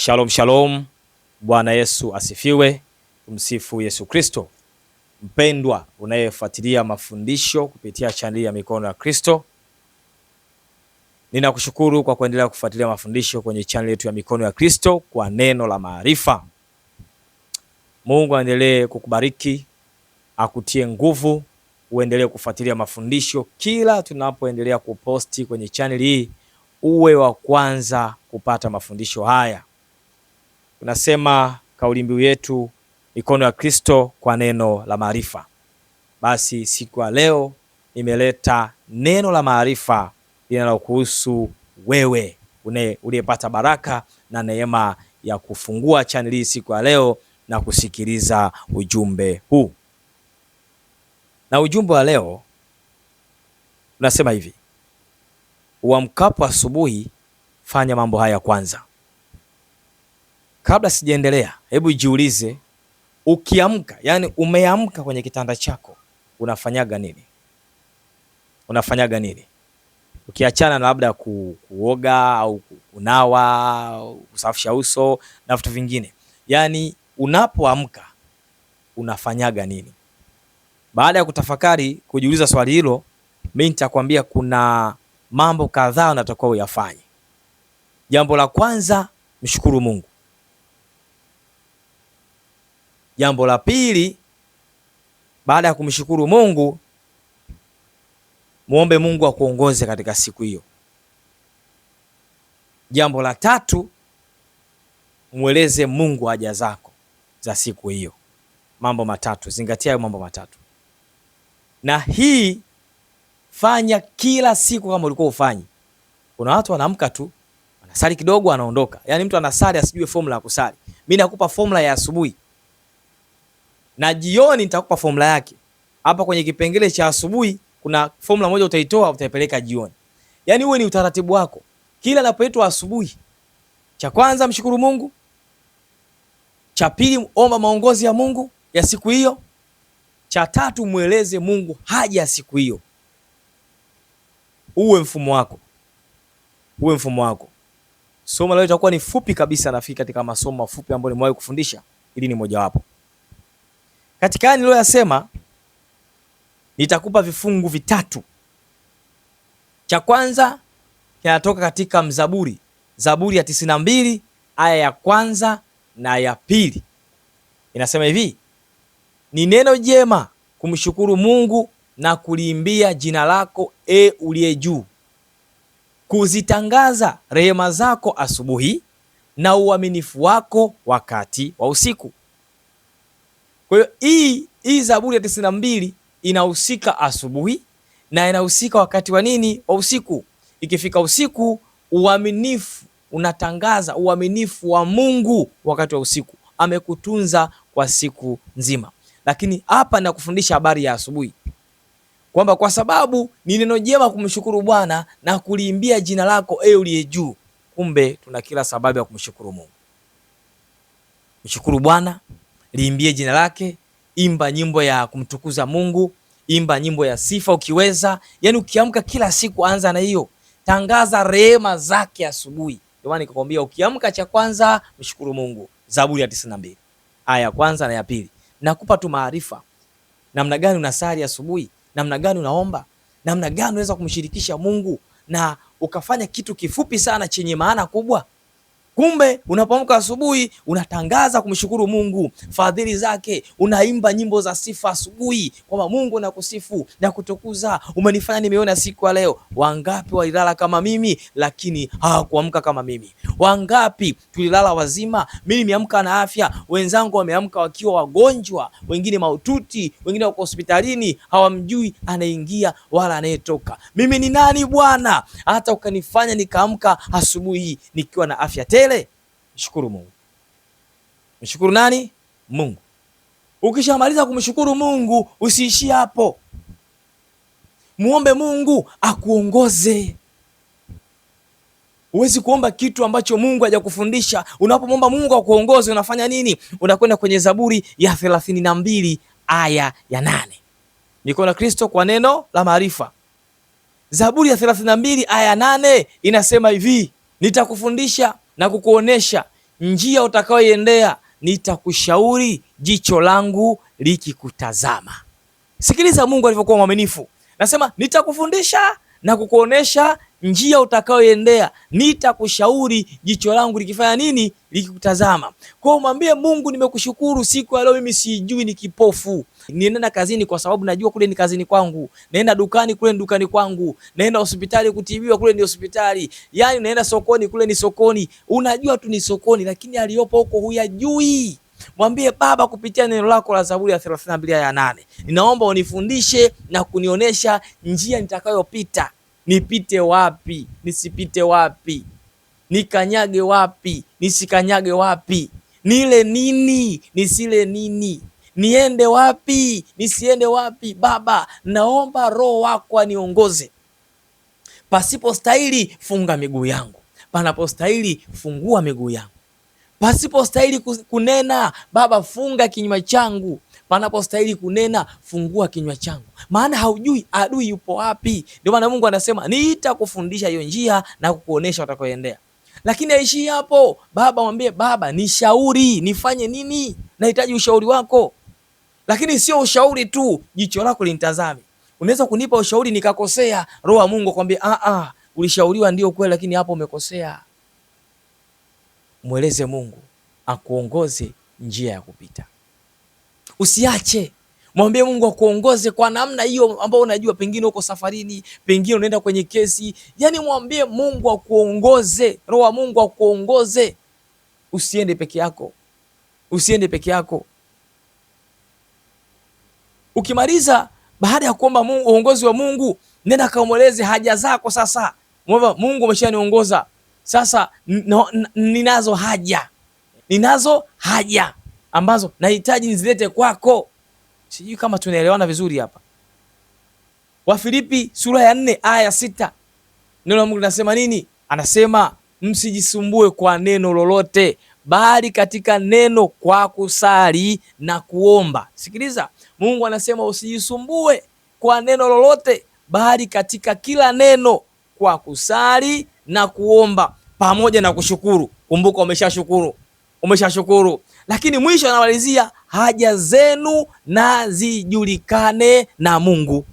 Shalom shalom, Bwana Yesu asifiwe, msifu Yesu Kristo. Mpendwa unayefuatilia mafundisho kupitia chaneli ya Mikono ya Kristo, ninakushukuru kwa kuendelea kufuatilia mafundisho kwenye chaneli yetu ya Mikono ya Kristo kwa neno la maarifa. Mungu aendelee kukubariki, akutie nguvu, uendelee kufuatilia mafundisho kila tunapoendelea kuposti kwenye chaneli hii, uwe wa kwanza kupata mafundisho haya unasema kauli mbiu yetu mikono ya Kristo kwa neno la maarifa. Basi siku ya leo nimeleta neno la maarifa linalokuhusu wewe uliyepata baraka na neema ya kufungua chaneli hii siku ya leo na kusikiliza ujumbe huu. Na ujumbe wa leo unasema hivi: uamkapo asubuhi, fanya mambo haya kwanza. Kabla sijaendelea, hebu jiulize, ukiamka, yani umeamka kwenye kitanda chako, unafanyaga nini? Unafanyaga nini? Ukiachana na labda ku, kuoga au kunawa, kusafisha uso na vitu vingine, yani unapoamka unafanyaga nini? Baada ya kutafakari kujiuliza swali hilo, mi nitakwambia kuna mambo kadhaa unatakiwa uyafanye. Jambo la kwanza, mshukuru Mungu. Jambo la pili, baada ya kumshukuru Mungu, muombe Mungu akuongoze katika siku hiyo. Jambo la tatu, mweleze Mungu haja zako za siku hiyo. Mambo matatu, zingatia hayo mambo matatu, na hii fanya kila siku kama ulikuwa ufanyi. Kuna watu wanaamka tu, anasali kidogo, anaondoka. Yaani mtu anasali asijue formula ya kusali. Mimi nakupa formula ya asubuhi na jioni nitakupa formula yake. Hapa kwenye kipengele cha asubuhi kuna formula moja utaitoa utaipeleka jioni. Yaani uwe ni utaratibu wako. Kila unapoitwa asubuhi, cha kwanza mshukuru Mungu, cha pili omba maongozi ya Mungu ya siku hiyo, cha tatu mweleze Mungu haja ya siku hiyo. Uwe mfumo wako, uwe mfumo wako. Somo leo litakuwa ni fupi kabisa, nafikiri katika masomo mafupi ambayo nimewahi kufundisha, ili ni mojawapo. Katika haya niliyoyasema, nitakupa vifungu vitatu. Cha kwanza kinatoka katika Mzaburi, Zaburi ya tisini na mbili aya ya kwanza na ya pili, inasema hivi: ni neno jema kumshukuru Mungu na kuliimbia jina lako, e uliye juu, kuzitangaza rehema zako asubuhi na uaminifu wako wakati wa usiku kwa hiyo hii hii Zaburi ya tisini na mbili inahusika asubuhi na inahusika wakati wa nini? Wa usiku. Ikifika usiku, uaminifu unatangaza uaminifu wa Mungu wakati wa usiku, amekutunza kwa siku nzima. Lakini hapa nakufundisha habari ya asubuhi kwamba kwa sababu ni neno jema kumshukuru Bwana na kuliimbia jina lako, e uliye juu. Kumbe tuna kila sababu ya kumshukuru Mungu. Mshukuru Bwana liimbie jina lake, imba nyimbo ya kumtukuza Mungu, imba nyimbo ya sifa ukiweza. Yani ukiamka kila siku anza na hiyo, tangaza rehema zake asubuhi. Ndio nikakwambia ukiamka, cha kwanza mshukuru Mungu. Zaburi ya 92 aya ya kwanza na ya pili. Nakupa tu maarifa, namna gani unasali asubuhi, namna gani unaomba, namna gani unaweza kumshirikisha Mungu na ukafanya kitu kifupi sana chenye maana kubwa. Kumbe unapoamka asubuhi unatangaza kumshukuru Mungu fadhili zake, unaimba nyimbo za sifa asubuhi kwamba Mungu nakusifu na kutukuza, umenifanya nimeona siku ya leo. Wangapi walilala kama mimi lakini hawakuamka kama mimi? Wangapi tulilala wazima, mimi nimeamka na afya, wenzangu wameamka wakiwa wagonjwa, wengine maututi, wengine wako hospitalini, hawamjui anaingia wala anayetoka. Mimi ni nani Bwana hata ukanifanya nikaamka asubuhi nikiwa na afya tele kelele, mshukuru Mungu. Mshukuru nani? Mungu. Ukishamaliza kumshukuru Mungu, usiishie hapo, muombe Mungu akuongoze. Huwezi kuomba kitu ambacho Mungu hajakufundisha. Unapomwomba Mungu akuongoze, unafanya nini? Unakwenda kwenye Zaburi ya thelathini na mbili aya ya nane. Niko na Kristo kwa neno la maarifa. Zaburi ya thelathini na mbili aya ya nane inasema hivi, nitakufundisha na kukuonesha njia utakayoiendea, nitakushauri jicho langu likikutazama. Sikiliza Mungu alivyokuwa mwaminifu, nasema nitakufundisha na kukuonesha njia utakayoendea nitakushauri jicho langu likifanya nini, likikutazama. Kwa umwambie Mungu, nimekushukuru siku ya leo, mimi sijui ni kipofu. Ninaenda kazini kwa sababu najua kule ni kazini kwangu, naenda dukani kule ni dukani kwangu, naenda hospitali kutibiwa kule ni hospitali, yani naenda sokoni kule ni sokoni. Unajua tu ni sokoni, lakini aliyopo huko huyajui. Mwambie Baba, kupitia neno lako la Zaburi ya 32 aya ya 8, ninaomba unifundishe na kunionyesha njia nitakayopita nipite wapi, nisipite wapi, nikanyage wapi, nisikanyage wapi, nile nini, nisile nini, niende wapi, nisiende wapi. Baba, naomba Roho wako aniongoze pasipo stahili funga miguu yangu, panapostahili fungua miguu yangu, pasipo stahili kunena, Baba, funga kinywa changu panapostahili kunena, fungua kinywa changu, maana haujui adui yupo wapi. Ndio maana Mungu anasema nitakufundisha hiyo njia na kukuonesha utakoendea. Lakini aishi hapo, baba mwambie, Baba nishauri, nifanye nini? Nahitaji ushauri wako. Lakini sio ushauri tu, jicho lako linitazame. Unaweza kunipa ushauri nikakosea, roho ya Mungu akwambie a ah, a, ah, ulishauriwa ndio kweli, lakini hapo umekosea. Mweleze Mungu akuongoze njia ya kupita. Usiache, mwambie Mungu akuongoze kwa namna hiyo ambayo unajua, pengine uko safarini, pengine unaenda kwenye kesi. Yani mwambie Mungu akuongoze, roho wa Mungu akuongoze. Usiende peke yako, usiende peke yako. Ukimaliza baada ya kuomba Mungu, uongozi wa Mungu, nenda kaomboleze haja zako. Sasa mwomba Mungu, umeshaniongoza sasa, ninazo haja, ninazo haja ambazo nahitaji nizilete kwako. Sijui kama tunaelewana vizuri hapa. Wafilipi sura ya nne aya ya sita neno la Mungu linasema nini? Anasema msijisumbue kwa neno lolote, bali katika neno kwa kusali na kuomba. Sikiliza, Mungu anasema usijisumbue kwa neno lolote, bali katika kila neno kwa kusali na kuomba pamoja na kushukuru. Kumbuka umeshashukuru, umeshashukuru lakini mwisho anamalizia haja zenu na zijulikane na Mungu.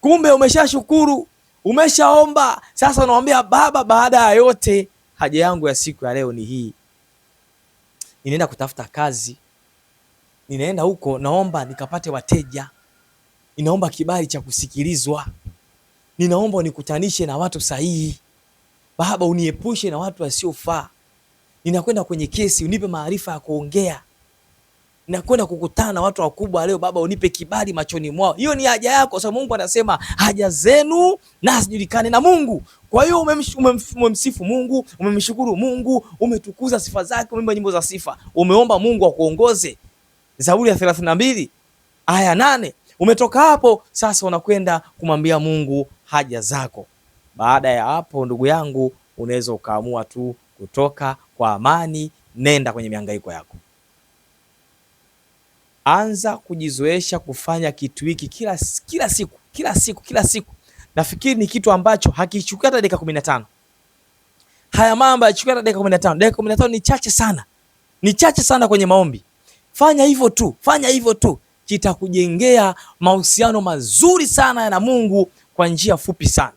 Kumbe umeshashukuru, umeshaomba, sasa unamwambia Baba, baada ya yote, haja yangu ya siku ya leo ni hii, ninaenda kutafuta kazi, ninaenda huko, naomba nikapate wateja, ninaomba kibali cha kusikilizwa, ninaomba unikutanishe na watu sahihi. Baba, uniepushe na watu wasiofaa ninakwenda kwenye kesi, unipe maarifa ya kuongea. Ninakwenda kukutana na watu wakubwa leo, Baba unipe kibali machoni mwao. Hiyo ni haja yako, kwa sababu Mungu anasema haja zenu na zijulikane na Mungu. Kwa hiyo umemsifu Mungu, umemshukuru Mungu, umetukuza sifa zake, umeimba nyimbo za sifa, umeomba Mungu akuongoze. Zaburi ya 32 aya nane. Umetoka hapo sasa, unakwenda kumwambia Mungu haja zako. Baada ya hapo, ndugu yangu, unaweza ukaamua tu kutoka kwa amani, nenda kwenye mihangaiko yako. Anza kujizoesha kufanya kitu hiki kila, kila siku kila siku kila siku. Nafikiri ni kitu ambacho hakichukui hata dakika kumi na tano. Haya mambo yachukui hata dakika kumi na tano. Dakika kumi na tano ni chache sana, ni chache sana kwenye maombi. Fanya hivyo tu, fanya hivyo tu, kitakujengea mahusiano mazuri sana na Mungu kwa njia fupi sana,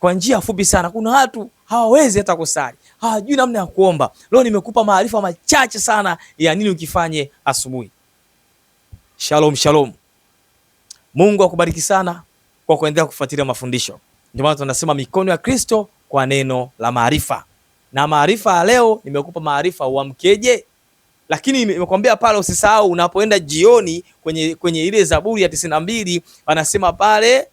kwa njia fupi sana. Kuna watu hawawezi hata kusali, hawajui namna ya kuomba. Leo nimekupa maarifa machache sana ya nini ukifanye asubuhi. Shalom, shalom. Mungu akubariki sana kwa kuendelea kufuatilia mafundisho. Ndio maana tunasema mikono ya Kristo kwa neno la maarifa. Na maarifa ya leo nimekupa maarifa uamkeje, lakini nimekwambia pale usisahau unapoenda jioni kwenye, kwenye ile Zaburi ya tisini na mbili wanasema pale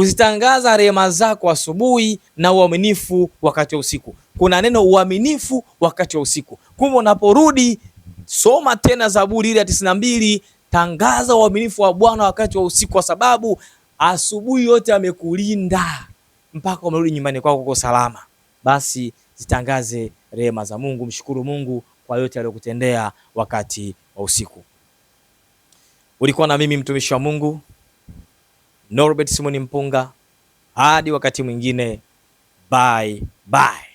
kuzitangaza rehema zako asubuhi na uaminifu wakati wa usiku. Kuna neno uaminifu wakati wa usiku. Kumbe unaporudi, soma tena Zaburi ile ya tisini na mbili, tangaza uaminifu wa Bwana wakati wa usiku, kwa sababu asubuhi yote amekulinda mpaka umerudi nyumbani kwako kwa salama. Basi zitangaze rehema za Mungu, mshukuru Mungu kwa yote aliyokutendea wakati wa usiku. Ulikuwa na mimi mtumishi wa Mungu Norbert simoni Mpunga, hadi wakati mwingine, bye bye.